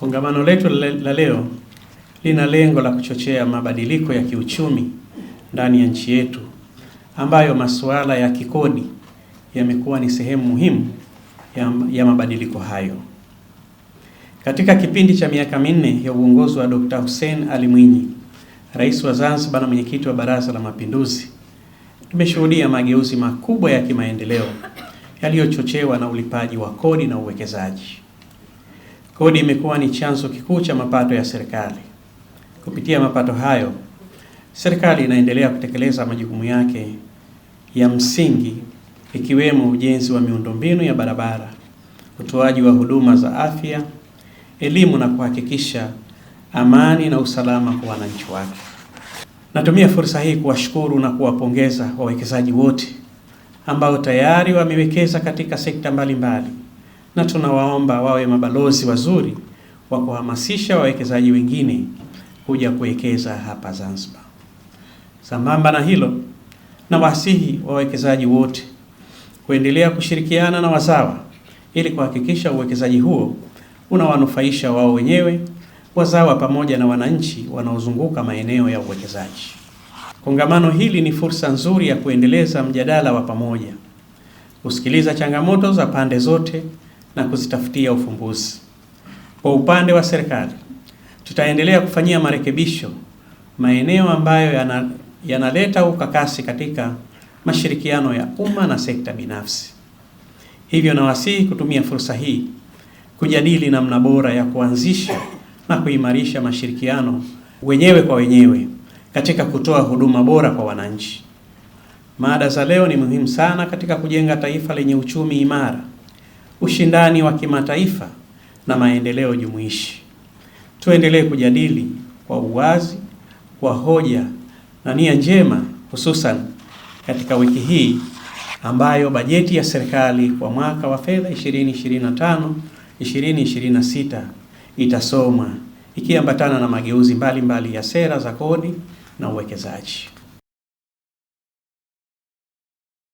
Kongamano letu la leo lina lengo la kuchochea mabadiliko ya kiuchumi ndani ya nchi yetu ambayo masuala ya kikodi yamekuwa ni sehemu muhimu ya, ya mabadiliko hayo. Katika kipindi cha miaka minne ya uongozi wa Dr. Hussein Ali Mwinyi, Rais wa Zanzibar na mwenyekiti wa Baraza la Mapinduzi, tumeshuhudia mageuzi makubwa ya kimaendeleo yaliyochochewa na ulipaji wa kodi na uwekezaji. Kodi imekuwa ni chanzo kikuu cha mapato ya serikali. Kupitia mapato hayo, serikali inaendelea kutekeleza majukumu yake ya msingi ikiwemo ujenzi wa miundombinu ya barabara, utoaji wa huduma za afya, elimu na kuhakikisha amani na usalama kwa wananchi wake. Natumia fursa hii kuwashukuru na kuwapongeza wawekezaji wote ambao tayari wamewekeza katika sekta mbalimbali mbali na tunawaomba wawe mabalozi wazuri wa kuhamasisha wawekezaji wengine kuja kuwekeza hapa Zanzibar. Sambamba na hilo, na wasihi wawekezaji wote kuendelea kushirikiana na wazawa ili kuhakikisha uwekezaji huo unawanufaisha wao wenyewe, wazawa, pamoja na wananchi wanaozunguka maeneo ya uwekezaji. Kongamano hili ni fursa nzuri ya kuendeleza mjadala wa pamoja, kusikiliza changamoto za pande zote na kuzitafutia ufumbuzi. Kwa upande wa serikali, tutaendelea kufanyia marekebisho maeneo ambayo yana, yanaleta ukakasi katika mashirikiano ya umma na sekta binafsi. Hivyo nawasihi kutumia fursa hii kujadili namna bora ya kuanzisha na kuimarisha mashirikiano wenyewe kwa wenyewe katika kutoa huduma bora kwa wananchi. Mada za leo ni muhimu sana katika kujenga taifa lenye uchumi imara ushindani wa kimataifa na maendeleo jumuishi. Tuendelee kujadili kwa uwazi, kwa hoja na nia njema, hususan katika wiki hii ambayo bajeti ya serikali kwa mwaka wa fedha 2025 2026 itasomwa ikiambatana na mageuzi mbalimbali mbali ya sera za kodi na uwekezaji.